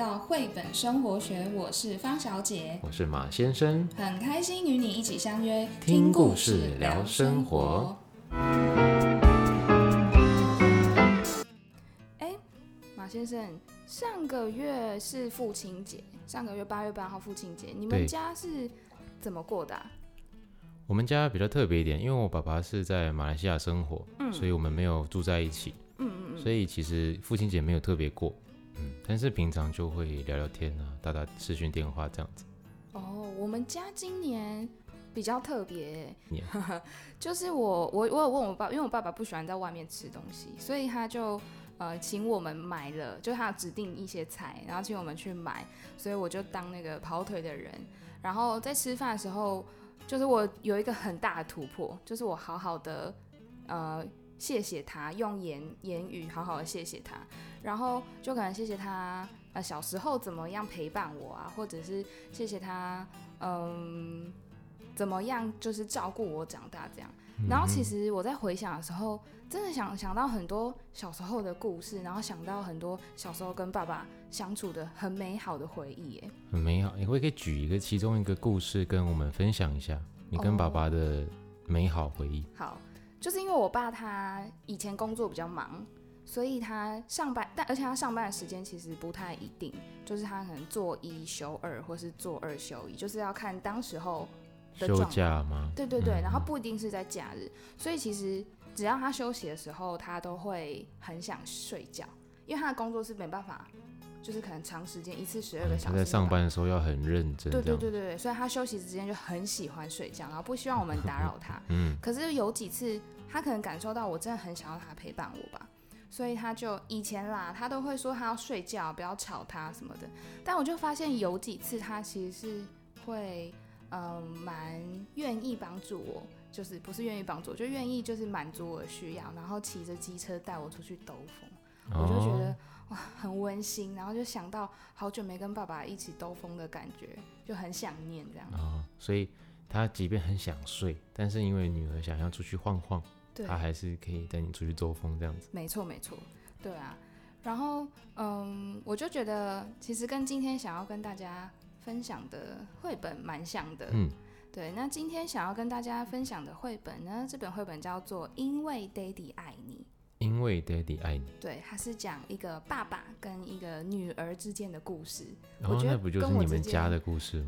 到繪本生活學，我是方小姐，我是馬先生，很開心與你一起相約聽故事聊生活。哎、欸，馬先生，上個月是父親節，上個月八月八號父親節，你們家是怎麼過的、啊？我們家比較特別一點，因為我爸爸是在馬來西亞生活，嗯、所以我們沒有住在一起，嗯嗯嗯，所以其實父親節沒有特別過。但是平常就會聊聊天啊，打打視訊電話這樣子。哦，oh, 我們家今年比較特別， 就是我我我有問我爸，因為我爸爸不喜歡在外面吃東西，所以他就呃請我們買了，就他指定一些菜，然後請我們去買，所以我就當那個跑腿的人。然後在吃飯的時候，就是我有一個很大的突破，就是我好好的呃。謝謝他用言言語好好的謝謝他，然後就可能謝謝他，呃小時候怎麼樣陪伴我啊，或者是謝謝他，嗯，怎麼樣就是照顧我長大這樣。嗯哼。然後其實我在回想的時候，真的想想到很多小時候的故事，然後想到很多小時候跟爸爸相處的很美好的回憶耶，很美好。你、欸、會可以舉一個其中一個故事跟我們分享一下，你跟爸爸的美好回憶。Oh, 好。就是因為我爸他以前工作比較忙，所以他上班，但而且他上班的時間其實不太一定，就是他可能做一休二，或是做二休一，就是要看當時候的放假嗎？對對對，嗯嗯，然後不一定是在假日，所以其實只要他休息的時候，他都會很想睡覺，因為他的工作是沒辦法。就是可能長時間一次十二個小時，他在上班的時候要很認真。對對對對對，所以他休息時間就很喜歡睡覺，然後不希望我們打擾他。嗯，可是有幾次他可能感受到我真的很想要他陪伴我吧，所以他就以前啦，他都會說他要睡覺，不要吵他什麼的。但我就發現有幾次他其實是會，嗯，蠻願意幫助我，就是不是願意幫助我，就願意就是滿足我的需要，然後騎着機車帶我出去兜風。我就覺得哇，很溫馨，然後就想到好久沒跟爸爸一起兜風的感覺，就很想念這樣子。啊、哦，所以他即便很想睡，但是因為女兒想要出去晃晃，對他還是可以帶你出去兜風這樣子。沒錯，沒錯，對啊。然後，嗯，我就覺得其實跟今天想要跟大家分享的繪本蠻像的。嗯，對。那今天想要跟大家分享的繪本呢，這本繪本叫做《因為爹地愛你》。因為爹地愛你，對，他是講一個爸爸跟一個女兒之間的故事。然後、哦、覺得跟我不就是你們家的故事？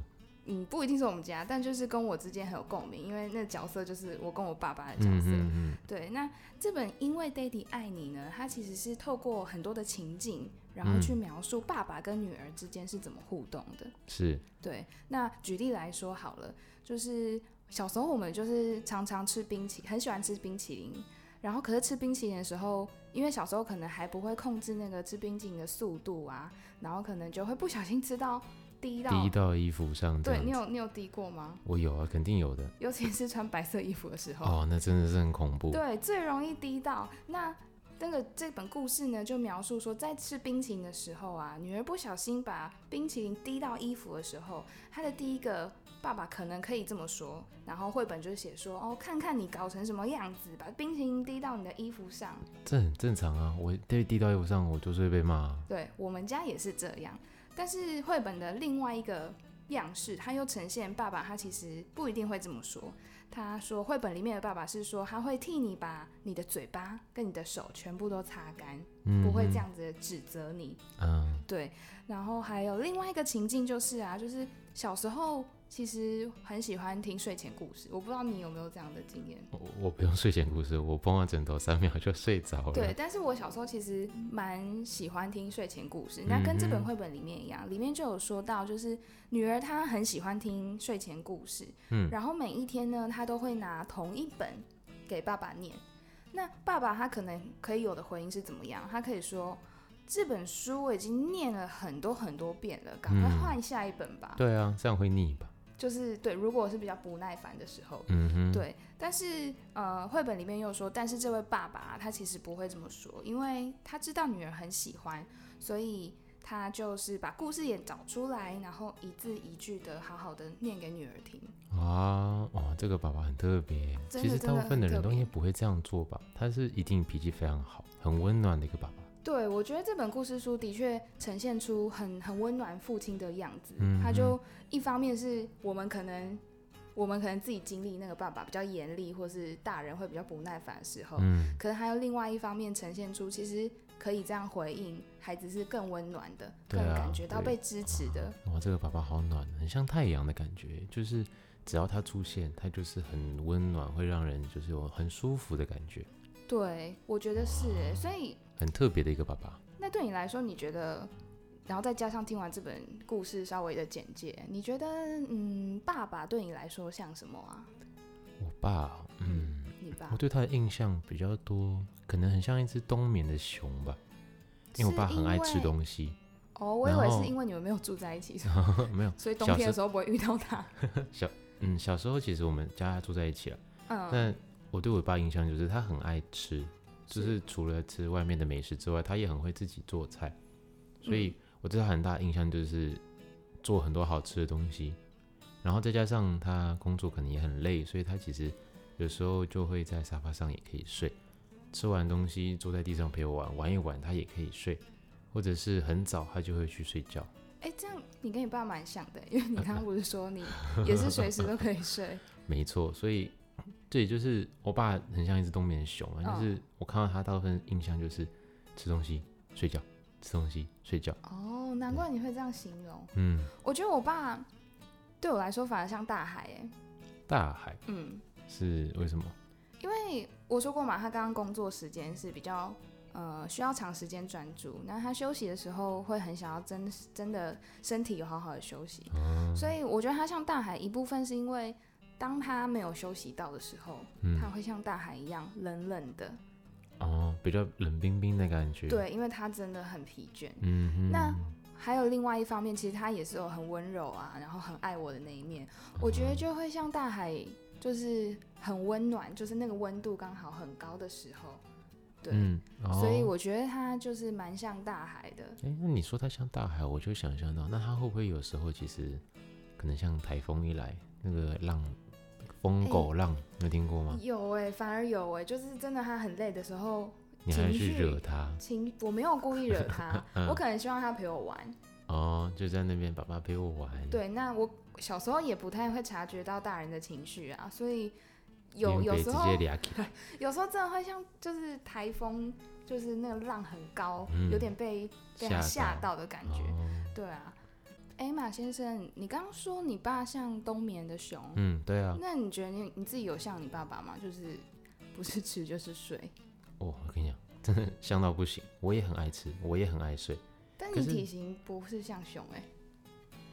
嗯，不一定是我們家，但就是跟我之間很有共鳴，因為那角色就是我跟我爸爸的角色。嗯、哼哼對，那這本《因為爹地愛你》呢，它其實是透過很多的情景，然後去描述爸爸跟女兒之間是怎麼互動的。嗯、是，對。那舉例來說好了，就是小時候我們就是常常吃冰淇，很喜歡吃冰淇淋。然後，可是吃冰淇淋的時候，因為小時候可能還不會控制那個吃冰淇淋的速度啊，然後可能就會不小心吃到滴到滴到衣服上。對，你有你有滴過嗎？我有啊，肯定有的。尤其是穿白色衣服的時候，哦，那真的是很恐怖。對，最容易滴到。那那個這本故事呢，就描述說，在吃冰淇淋的時候啊，女兒不小心把冰淇淋滴到衣服的時候，她的第一個。爸爸可能可以這麼說，然後繪本就寫說：“哦，看看你搞成什麼樣子，把冰淇淋滴到你的衣服上。”這很正常啊，我，我被滴到衣服上，我就是會被罵。對，我們家也是這樣，但是繪本的另外一個樣式，它又呈現爸爸，他其實不一定會這麼說。他說，繪本裡面的爸爸是說他會替你把你的嘴巴跟你的手全部都擦乾，嗯、哼不會這樣子指責你。嗯，對。然後還有另外一個情境就是啊，就是。小時候其實很喜歡聽睡前故事，我不知道你有沒有這樣的經驗。我我不用睡前故事，我碰完枕頭三秒就睡着了。對，但是我小時候其實蠻喜歡聽睡前故事，嗯、哼那跟這本繪本裡面一樣，裡面就有說到，就是女兒她很喜歡聽睡前故事，嗯，然後每一天呢，她都會拿同一本給爸爸念。那爸爸他可能可以有的回應是怎麼樣？他可以說。這本書我已經念了很多很多遍了，趕快換下一本吧。嗯、對啊，這樣會膩吧？就是對，如果我是比較不耐煩的時候，嗯哼。對。但是呃，繪本裡面又說，但是這位爸爸、啊、他其實不會這麼說，因為他知道女兒很喜歡，所以他就是把故事也找出來，然後一字一句的好好的念給女兒聽。啊、哦，這個爸爸很特別，特別。其實大部分的人都應該不會這樣做吧？他是一定脾氣非常好，很溫暖的一個爸爸。對，我覺得這本故事書的確呈現出很很溫暖父親的樣子。嗯哼，他就一方面是我們可能，我們可能自己經歷那個爸爸比較嚴厲，或是大人會比較不耐煩的時候，嗯，可是還有另外一方面呈現出，其實可以這樣回應孩子是更溫暖的，啊、更感覺到被支持的哇。哇，這個爸爸好暖，很像太陽的感覺，就是只要他出現，他就是很溫暖，會讓人就是有很舒服的感覺。對，我覺得是，哇所以。很特別的一個爸爸，那對你來說，你覺得，然後再加上聽完這本故事稍微的簡介，你覺得，嗯，爸爸對你來說像什麼啊？我爸，嗯，你爸，我對他的印象比較多，可能很像一隻冬眠的熊吧，因為我爸很愛吃東西。後哦，我以為是因為你們沒有住在一起，後哦、沒有， 所以冬天的時候不會遇到他。小，小，嗯，小時候其實我們家住在一起了，嗯，那我對我爸印象就是他很愛吃。就是除了吃外面的美食之外，他也很會自己做菜，所以我對他很大印象就是做很多好吃的東西。然後再加上他工作可能也很累，所以他其實有時候就會在沙發上也可以睡，吃完東西坐在地上陪我玩玩一玩，他也可以睡，或者是很早他就會去睡覺。哎、欸，這樣你跟你爸蠻像的，因為你剛剛不是說你也是隨時都可以睡？呃、 沒錯，所以。對，就是我爸很像一隻冬眠的熊啊，嗯、就是我看到他大部分印象就是吃東西、睡覺、吃東西、睡覺。哦，難怪你會這樣形容。嗯，我覺得我爸對我來說反而像大海。哎，大海。嗯，是為什麼？因為我說過嘛，他剛剛工作時間是比較呃需要長時間專注，那他休息的時候會很想要真真的身體有好好的休息，嗯、所以我覺得他像大海一部分是因為。當他沒有休息到的時候，嗯、他會像大海一樣冷冷的，哦，比較冷冰冰的感覺。對，因為他真的很疲倦。嗯哼，那還有另外一方面，其實他也是有很溫柔啊，然後很愛我的那一面。嗯、我覺得就會像大海，就是很溫暖，就是那個溫度剛好很高的時候。對，嗯哦、所以我覺得他就是蠻像大海的。哎、欸，那你說他像大海，我就想象到，那他會不會有時候其實可能像台風一來，那個浪。瘋狗浪、欸、有聽過嗎？有哎、欸，反而有哎、欸，就是真的他很累的時候，你還去惹他？情我沒有故意惹他， 我可能希望他陪我玩。哦，就在那邊，爸爸陪我玩。對，那我小時候也不太會察覺到大人的情緒啊，所以有有時候，有時候真的會像就是台風，就是那個浪很高，嗯、有點被被他嚇到的感覺，哦、對啊。哎、欸，馬先生，你剛剛說你爸像冬眠的熊，嗯，對啊。那你覺得你你自己有像你爸爸嗎？就是不是吃就是睡。哦，我跟你講，真的像到不行。我也很愛吃，我也很愛睡。但你體型不是像熊哎、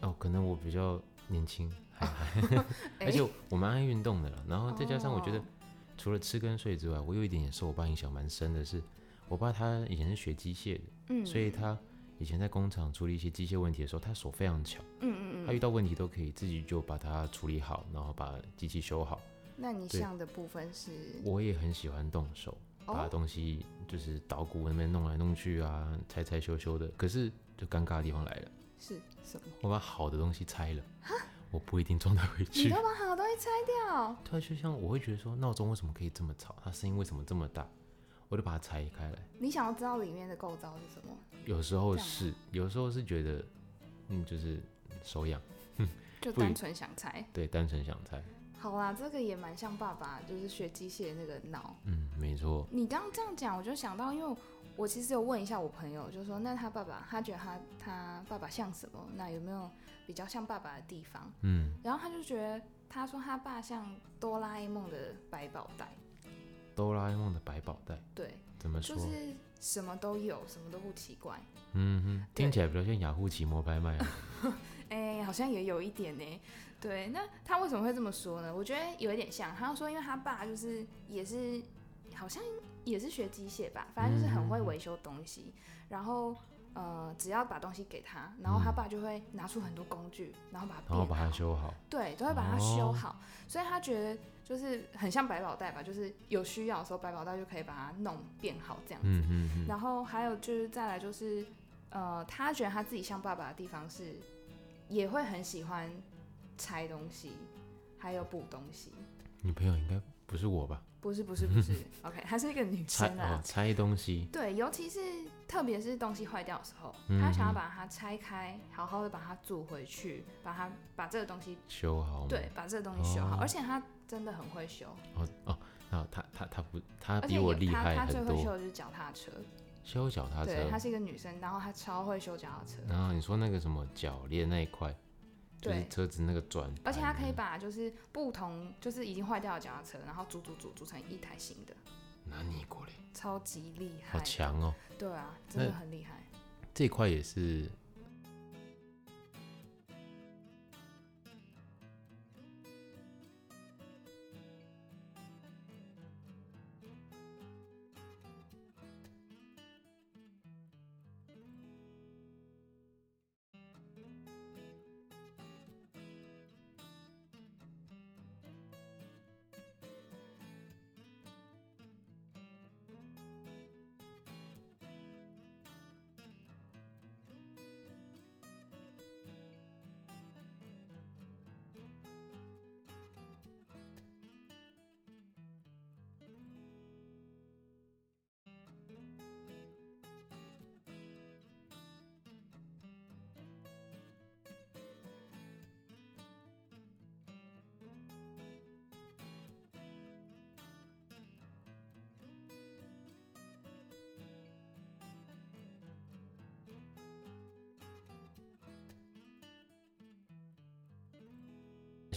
欸。哦，可能我比較年輕，還還 而且我蠻愛運動的了。然後再加上我覺得，除了吃跟睡之外，哦、我有一點也受我爸影響蠻深的，是我爸他以前是學機械的，嗯，所以他。以前在工廠處理一些機械問題的時候，他手非常巧。嗯嗯嗯。他遇到問題都可以自己就把它處理好，然後把機器修好。那你像的部分是？我也很喜歡動手，哦、把東西就是搗鼓那邊弄來弄去啊，拆拆修修的。可是就尷尬的地方來了，是什麼？我把好的東西拆了，蛤我不一定裝得回去。你要把好的東西拆掉？對，就像我會覺得說，鬧鐘為什麼可以這麼吵？它聲音為什麼這麼大？我就把它拆開來。你想要知道裡面的構造是什麼？有時候是，有時候是覺得，嗯，就是手癢， 就單純想拆。對，單純想拆。好啦，這個也蠻像爸爸，就是學機械的那個腦。嗯，沒錯。你剛剛這樣講，我就想到，因為我，我其實有問一下我朋友，就說那他爸爸，他覺得他他爸爸像什麼？那有沒有比較像爸爸的地方？嗯。然後他就覺得，他說他爸像哆啦 A 夢的百寶袋。哆啦 A 夢的百寶袋，對，怎麼說？就是什麼都有，什麼都不奇怪。嗯哼，對聽起來比較像雅虎奇摩拍賣啊。誒、 欸，好像也有一點呢。對，那他為什麼會這麼說呢？我覺得有一點像。他要說，因為他爸就是也是，好像也是學機械吧，反正就是很會維修東西，嗯、哼然後。呃，只要把東西給他，然後他爸就會拿出很多工具，嗯、然後把它，把它修好。對，都會把它修好，哦、所以他覺得就是很像百寶袋吧，就是有需要的時候，百寶袋就可以把它弄變好這樣子。嗯、哼哼然後還有就是再來就是、呃，他覺得他自己像爸爸的地方是，也會很喜歡拆東西，還有補東西。女朋友應該不是我吧？不是不是不是 ，OK，她是一個女生啊。拆、哦、拆東西。對，尤其是。特別是東西壞掉的時候，嗯、哼他想要把它拆開，好好的把它組回去，把它把這個東西修好。對，把這個東西修好，哦、而且他真的很會修。哦哦，那他他他不，他比我厲害很多，他他最會修的就是腳踏車。修腳踏車。對，他是一個女生，然後他超會修腳踏車。然後你說那個什麼鉸鏈那一塊，就是車子那個轉。而且他可以把就是不同就是已經壞掉的腳踏車，然後組組組組成一台新的。超級厲害，好強哦！對啊，真的很厲害。這塊也是。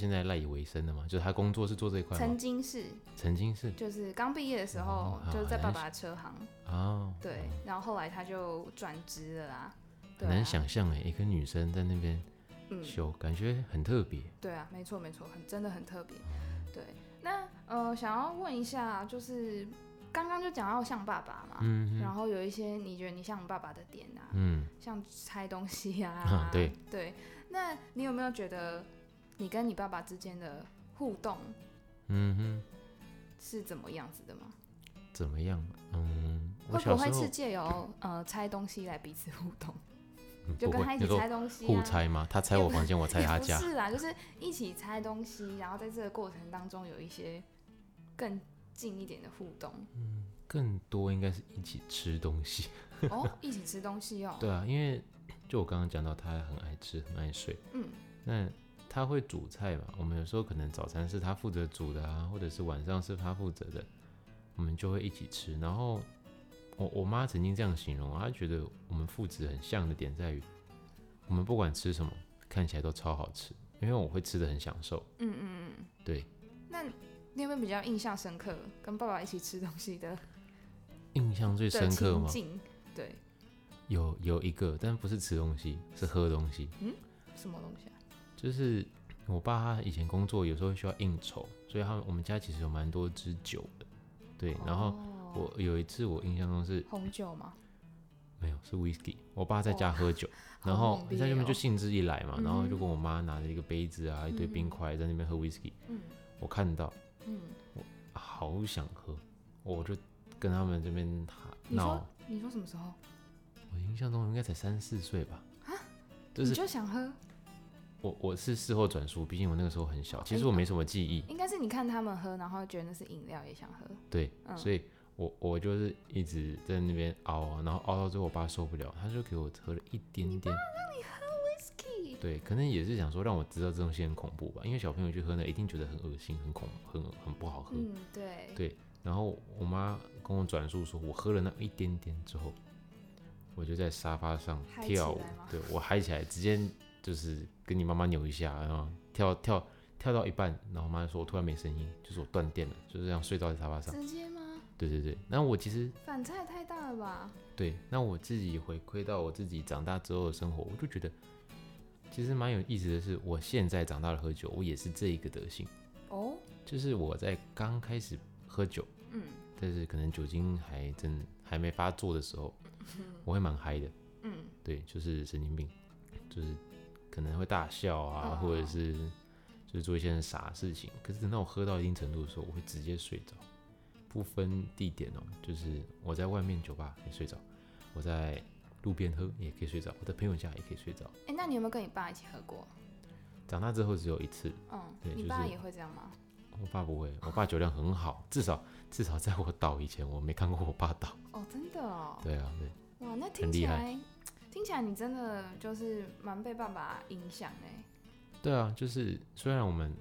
現在賴以為生的嘛，就是他工作是做這一塊。曾經是，曾經是，就是剛畢業的時候，就是在爸爸的車行哦。對，然後後來他就轉職了啦。很難想象哎，一個女生在那邊修，感覺很特別。對啊，沒錯沒錯，很真的很特別。對，那呃，想要問一下，就是剛剛就講到像爸爸嘛，嗯，然後有一些你覺得你像爸爸的點啊，嗯，像拆東西呀，對對，那你有沒有覺得？你跟你爸爸之間的互動，嗯哼，是怎麼樣子的嗎？怎麼樣？嗯，會不會是借由呃拆東西來彼此互動？嗯、就跟他一起拆東西、啊，互拆嗎？他拆我房間，不我拆他家？是啊，就是一起拆東西，然後在這個過程當中有一些更近一點的互動。嗯，更多應該是一起吃東西。 哦，一起吃東西哦？對啊，因為就我剛剛講到，他很愛吃，很愛睡。嗯，那。他會煮菜嘛？我們有時候可能早餐是他負責煮的啊，或者是晚上是他負責的，我們就會一起吃。然後我我媽曾經這樣形容，她覺得我們父子很像的點在於，我們不管吃什麼，看起來都超好吃，因為我會吃的很享受。嗯嗯嗯，對。那你有沒有比較印象深刻跟爸爸一起吃東西的？印象最深刻嗎？對，有有一個，但不是吃東西，是喝東西。嗯，什麼東西啊？就是我爸他以前工作有時候需要應酬，所以他我們家其實有蠻多支酒的，對。然後我有一次我印象中是、哦、紅酒嗎？沒有，是 whisky。我爸在家喝酒，哦、然後那邊、喔、就興致一來嘛，然後就跟我媽拿着一個杯子啊，嗯、哼一堆冰塊在那邊喝 whisky。嗯，我看到，嗯，我好想喝，我就跟他們這邊鬧。你說、你說什麼時候？我印象中應該才三四歲吧？啊哈？就是、你就想喝。我我是事後轉述，畢竟我那個時候很小，其實我沒什麼記憶。哎、應該是你看他們喝，然後覺得那是飲料也想喝。對，嗯、所以我，我我就是一直在那邊熬，然後熬到最後，我爸受不了，他就給我喝了一點點。你爸讓你喝威士忌？對，可能也是想說讓我知道這東西很恐怖吧，因為小朋友去喝呢，一定覺得很噁心、很恐怖、很很不好喝。嗯，對。對，然後我媽跟我轉述說，我喝了那麼一點點之後，我就在沙發上跳舞，對，我嗨起來，直接。就是跟你媽媽扭一下，然後跳跳跳到一半，然後媽媽說：“我突然沒聲音，就是我斷電了。”就是這樣睡倒在沙發上。直接嗎？對對對。那我其實反差也太大了吧？對，那我自己回饋到我自己長大之後的生活，我就覺得其實蠻有意思的。是，我現在長大了喝酒，我也是這一個德性哦。就是我在剛開始喝酒，嗯，但是可能酒精還真還沒發作的時候，我會蠻嗨的，嗯，對，就是神經病，就是。可能會大笑啊，或者是就是做一些傻事情。嗯、可是等到我喝到一定程度的時候，我會直接睡着，不分地點哦、喔，就是我在外面酒吧也睡着，我在路邊喝也可以睡着，我在朋友家也可以睡着。哎、欸，那你有沒有跟你爸一起喝過？長大之後只有一次。嗯，對就是、你爸也會這樣嗎？我爸不會，我爸酒量很好， 至少至少在我倒以前，我沒看過我爸倒。哦，真的哦。對啊，對。哇，那挺厲害。聽起來你真的就是蠻被爸爸影響哎。對啊，就是雖然我們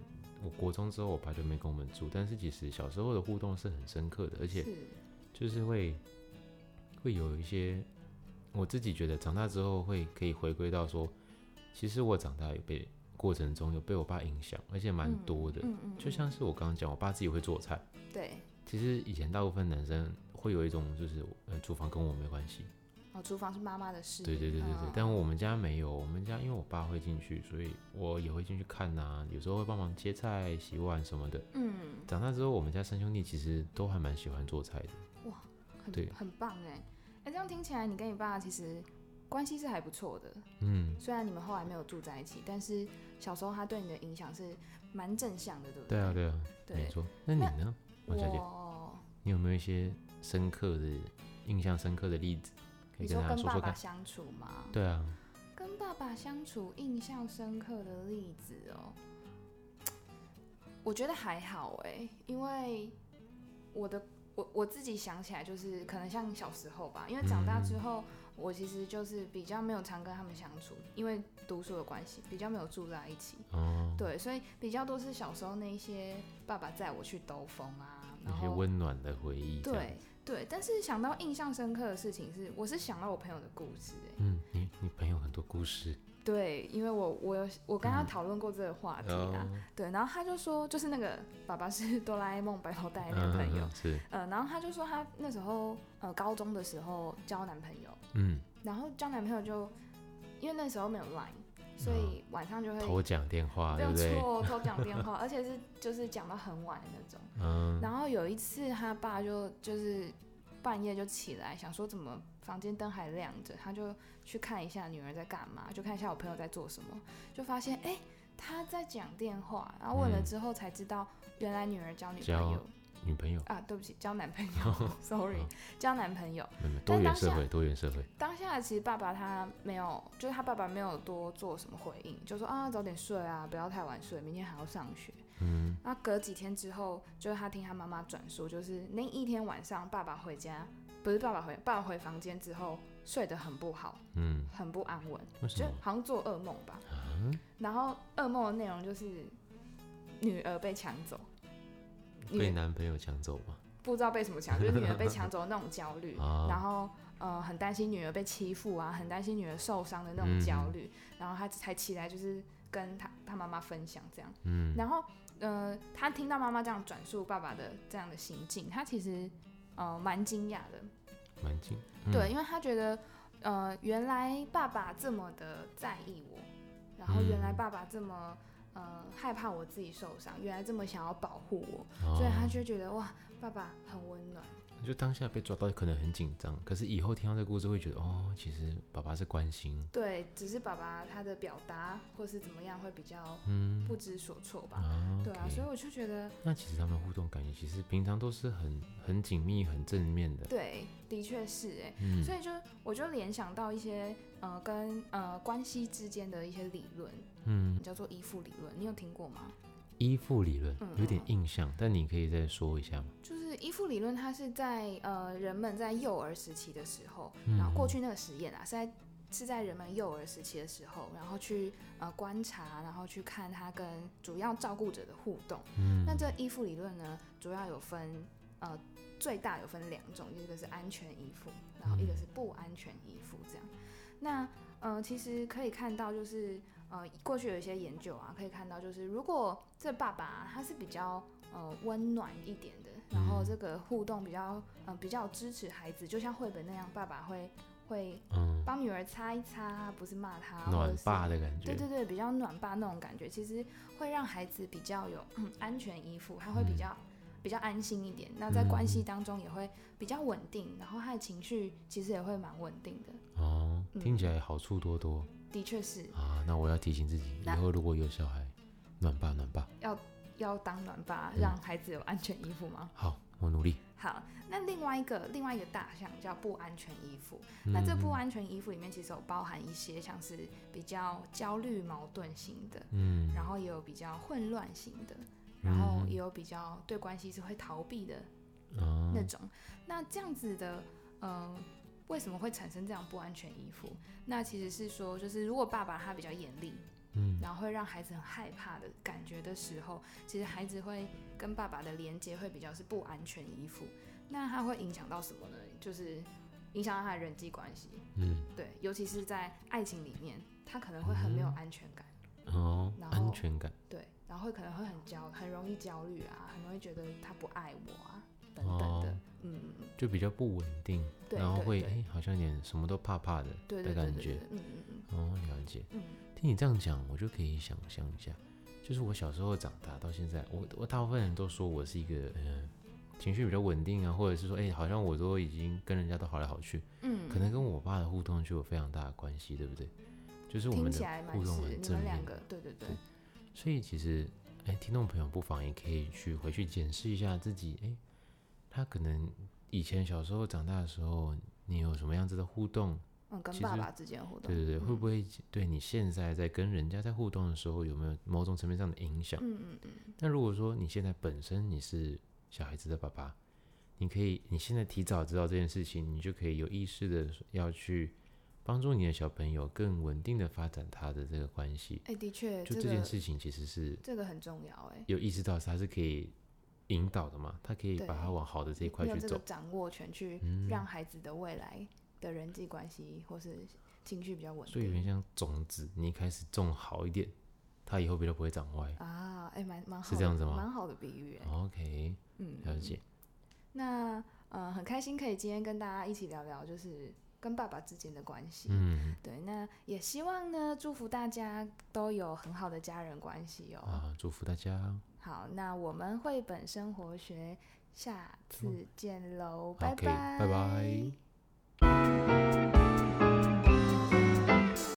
我國中之後我爸就沒跟我們住，但是其實小時候的互動是很深刻的，而且就是會是會有一些我自己覺得長大之後會可以回歸到說，其實我長大有被過程中有被我爸影響，而且蠻多的。嗯、嗯嗯。就像是我剛剛講，我爸自己會做菜。對。其實以前大部分男生會有一種就是呃、廚房跟我沒關係。哦，廚房是媽媽的事。對對對對對，嗯、但我們家沒有，我們家因為我爸會進去，所以我也會進去看吶、啊。有時候會幫忙切菜、洗碗什麼的。嗯。長大之後，我們家三兄弟其實都還蠻喜歡做菜的。哇，很對很棒哎！哎、欸，這樣聽起來，你跟你爸其實關係是還不錯的。嗯，雖然你們後來沒有住在一起，但是小時候他對你的影響是蠻正向的，對不對？對啊，對啊，對。沒錯。那你呢，王、那、我、小小姐？你有沒有一些深刻的、印象深刻的例子？你說，說，說跟爸爸相處嗎？對啊，跟爸爸相處印象深刻的例子哦，我覺得還好哎，因為我的我我自己想起來就是可能像小時候吧，因為長大之後、嗯、我其實就是比較沒有常跟他們相處，因為讀書的關係比較沒有住在一起，哦、對，所以比較多是小時候那些爸爸載我去兜風啊，然後那些溫暖的回憶，對。對，但是想到印象深刻的事情是，我是想到我朋友的故事哎。嗯，你你朋友很多故事。對，因為我我有我跟他討論過這個話題啦、啊。嗯 oh. 對，然後他就說，就是那個爸爸是哆啦 A 夢白頭帶那朋友、嗯、是。呃，然後他就說他那時候呃高中的時候交男朋友，嗯，然後交男朋友就因為那時候沒有 Line，所以晚上就會哦、偷講電話，沒有錯，偷講電話，對對 而且是就是講到很晚的那種。嗯、然後有一次他爸就就是半夜就起來，想說怎麼房間燈還亮着，他就去看一下女兒在幹嘛，就看一下我朋友在做什麼，就發現哎、欸、他在講電話，然後問了之後才知道原來女兒交女朋友。嗯女朋友啊，對不起，交男朋友、oh.，sorry，交男朋友。多元社會，多元社會。當下其實爸爸他沒有，就是他爸爸沒有多做什麼回應，就說啊，早點睡啊，不要太晚睡，明天還要上學。嗯。那、啊、隔幾天之後，就是他聽他媽媽轉述，就是那一天晚上爸爸回家，不是爸爸回家，爸爸回房間之後睡得很不好，嗯，很不安穩，就覺好像做噩夢吧。啊。然後噩夢的內容就是女兒被搶走。被男朋友搶走嗎？嗯？不知道被什麼搶， 就是女兒被搶走的那種焦慮，哦，然後呃很擔心女兒被欺負啊，很擔心女兒受傷的那種焦慮，嗯、然後她才起來就是跟她她媽媽分享這樣，嗯、然後呃她聽到媽媽這樣轉述爸爸的這樣的心境，她其實呃蠻驚訝的，蠻驚，嗯、對，因為她覺得呃原來爸爸這麼的在意我，然後原來爸爸這麼。呃，害怕我自己受傷，原來這麼想要保護我，oh. 所以他就覺得哇，爸爸很溫暖。就當下被抓到可能很緊張，可是，以後聽到這個故事會覺得哦，其實爸爸是關心。對，只是爸爸他的表達或是怎麼樣會比較嗯不知所措吧。嗯 ah, okay. 對啊，所以我就覺得，那其實他們互動感覺其實平常都是很很緊密、很正面的。對，的確是哎，嗯、所以就我就聯想到一些呃跟呃關係之間的一些理論。嗯，叫做依附理論，你有聽過嗎？依附理論有點印象，嗯嗯、但你可以再說一下嗎？就是依附理論，它是在呃人們在幼兒時期的時候，嗯、然後過去那個實驗啊，是在是在人們幼兒時期的時候，然後去呃觀察，然後去看它跟主要照顧者的互動。嗯，那這依附理論呢，主要有分呃最大有分兩種，一個是安全依附，然後一個是不安全依附這樣。嗯、那呃其實可以看到就是。呃，過去有一些研究啊，可以看到，就是如果這爸爸、啊、他是比較呃溫暖一點的，然後這個互動比較嗯、呃、比較支持孩子，就像繪本那樣，爸爸會會幫女兒擦一擦，不是罵他，嗯、暖爸的感覺，對對對，比較暖爸那種感覺，其實會讓孩子比較有、嗯、安全依附，他會比較比較安心一點，嗯、那在關係當中也會比較穩定，然後他的情緒其實也會蠻穩定的哦，嗯、聽起來好處多多。的確是啊，那我要提醒自己，以後如果有小孩，那暖爸暖爸，要要當暖爸，嗯、讓孩子有安全依附嗎？好，我努力。好，那另外一個另外一個大項叫不安全依附，嗯、那這不安全依附裡面其實有包含一些像是比較焦慮矛盾型的，嗯，然後也有比較混亂型的，然後也有比較對關係是會逃避的那種。嗯、那這樣子的，嗯、呃。為什麼會產生這樣不安全依附？那其實是說，就是如果爸爸他比較嚴厲，嗯，然後會讓孩子很害怕的感覺的時候，其實孩子會跟爸爸的連接會比較是不安全依附。那他會影響到什麼呢？就是影響到他的人際關係，嗯，對，尤其是在愛情裡面，他可能會很沒有安全感，嗯、哦，然後安全感，對，然後可能會很焦，很容易焦慮啊，很容易覺得他不愛我啊。本本哦，嗯，就比較不穩定，對對對，然後會誒、哎，好像有點什麼都怕怕的的感覺，對對對對嗯哦，了解。聽你這樣講，我就可以想象一下，嗯、就是我小時候長大到現在，我我大部分人都說我是一個嗯、呃、情緒比較穩定啊，或者是說誒、哎，好像我都已經跟人家都好來好去，嗯，可能跟我爸的互動就有非常大的關係，對不對？就是我們的互動很正面的，對對對。所以其實誒、哎，聽眾朋友不妨也可以去回去檢視一下自己，誒、哎。他可能以前小時候長大的時候，你有什麼樣子的互動？嗯，跟爸爸之間互動。對對對，嗯、會不會對你現在在跟人家在互動的時候，有沒有某種層面上的影響？嗯嗯嗯。那如果說你現在本身你是小孩子的爸爸，你可以你現在提早知道這件事情，你就可以有意識的要去幫助你的小朋友更穩定的發展他的這個關係。哎、欸，的確，就這件事情其實是、這個、這個很重要。哎，有意識到是他是可以。引導的嘛，他可以把它往好的這一塊去走，掌握權去讓孩子的未來的人際關係、嗯、或是情緒比較穩定。所以，有點像種子，你一開始種好一點，他以後比較不會長歪啊。哎、欸，蠻蠻好是這樣子嗎？蠻好的比喻。OK，嗯，了解。嗯、那、呃、很開心可以今天跟大家一起聊聊，就是跟爸爸之間的關係。嗯，對。那也希望呢，祝福大家都有很好的家人關係哦、喔。啊，祝福大家。好，那我們繪本生活學，下次見嘍，拜拜、嗯、拜拜。